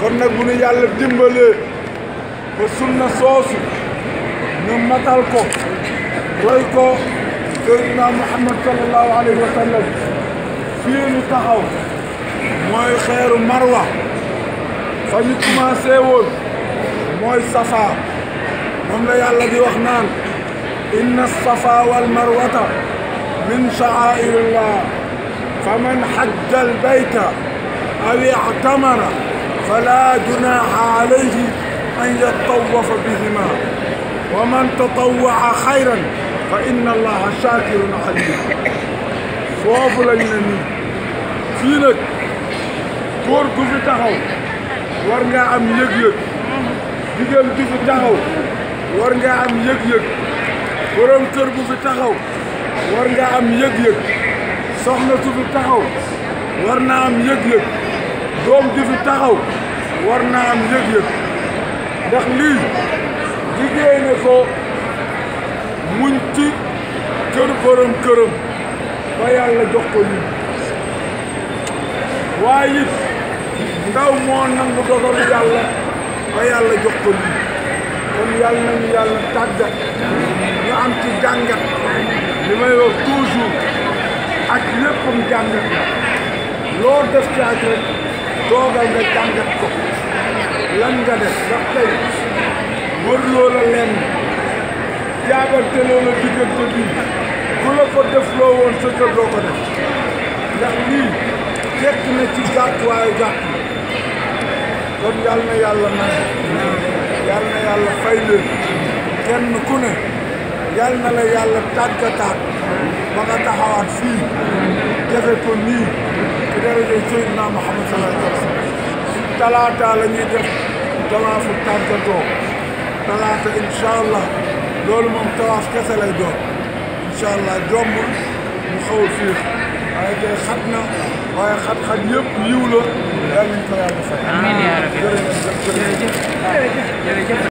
kon nag bu nu yàlla dimbalee ba sunna soosu ñu matal ko roy ko Seydina Muhammad sallallahu taxaw mooy xeeru marwa fa ñu commencé woon safa moom yàlla di wax inna safa wal marwata min sha'airillah faman hajja al bayta aw i'tamara فلا جناح عليه أن يتطوف بهما ومن تطوع خيرا فإن الله شاكر عليم foofu lañ ne nii fii nag góor gu fi taxaw war nga am yëg-yëg jigéen gu fi taxaw war nga am yëg-yëg borom kër gu fi taxaw war nga am yëg-yëg soxna su fi taxaw war na am yëg-yëg doom ju fi taxaw war naa am yëg-yëg ndax lii jigéene ko muñ ci kër borom këram ba yàlla jox ko yi waaye it ndaw moo nangu dogalu yàlla ba yàlla jox ko yi kon yàlla nañu yàlla tàggat ñu am ci jàngat li may wax toujours ak léppam jàngat loo def ci ak toogal nga jàngat ko lan nga def ndax tey wër loola lenn jaagante loola diggante bi ku la ko def loo woon sa kër ko def ndax lii fekk na ci gàtt waaye gàtt kon yal na yàlla na yàlla fay leen kenn ku ne yal na la yàlla tàggataat ba nga taxawaat fii defe ko nii ci daraja Seydina Muhammad sallallahu alayhi wa sallam talaata la ñuy def tawaafu tàggatoo talaata incha allah loolu moom tawaaf kese lay doon incha allah jomb mu xaw a fiir waaye tey xat na waaye xat-xat yëpp yiw la yàlla nañ ko yàlla fay. amiin yaa